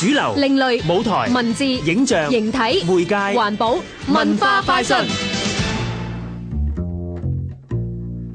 主流、另類舞台、文字、影像、形體、媒介、環保、文化、快進。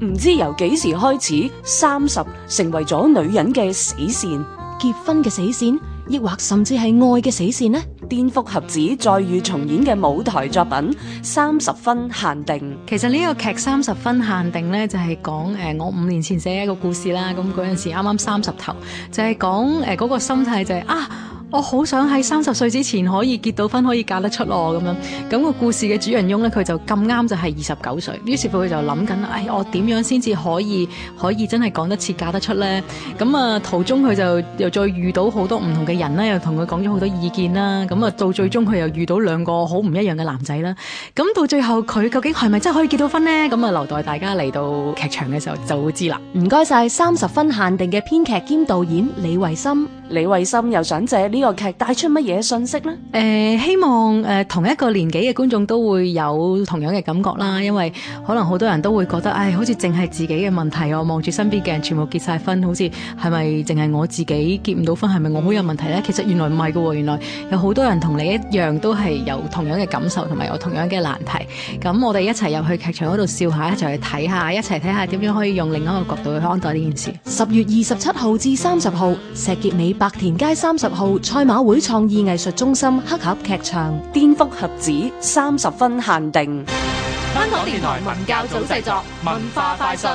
唔知由幾時開始，三十成為咗女人嘅死線，結婚嘅死線，亦或甚至係愛嘅死線咧？顛覆盒子再遇重演嘅舞台作品《三十分限定》。其實呢個劇《三十分限定》咧，就係講誒，我五年前寫一個故事啦。咁嗰陣時啱啱三十頭，就係講誒嗰個心態就係啊。我好想喺三十歲之前可以結到婚，可以嫁得出咯咁樣。咁個故事嘅主人翁呢，佢就咁啱就係二十九歲。於是乎佢就諗緊，「唉，我點樣先至可以可以真係講得切嫁得出呢？」咁啊，途中佢就又再遇到好多唔同嘅人啦，又同佢講咗好多意見啦。咁啊，到最終佢又遇到兩個好唔一樣嘅男仔啦。咁到最後佢究竟係咪真係可以結到婚呢？咁啊，留待大家嚟到劇場嘅時候就會知啦。唔該晒，三十分限定嘅編劇兼導演李慧心。李慧心又想借呢個劇帶出乜嘢信息呢？誒，希望誒同一個年紀嘅觀眾都會有同樣嘅感覺啦，因為可能好多人都會覺得，唉，好似淨係自己嘅問題哦。我望住身邊嘅人全部結晒婚，好似係咪淨係我自己結唔到婚？係咪我好有問題呢？其實原來唔係噶，原來有好多人同你一樣都係有同樣嘅感受，同埋有同樣嘅難題。咁我哋一齊入去劇場嗰度笑下，一齊去睇下，一齊睇下點樣可以用另一個角度去看待呢件事。十月二十七號至三十號，石硤尾。白田街三十號賽馬會創意藝術中心黑盒劇場顛覆盒子三十分限定。香港電台文教組製作，文化快訊。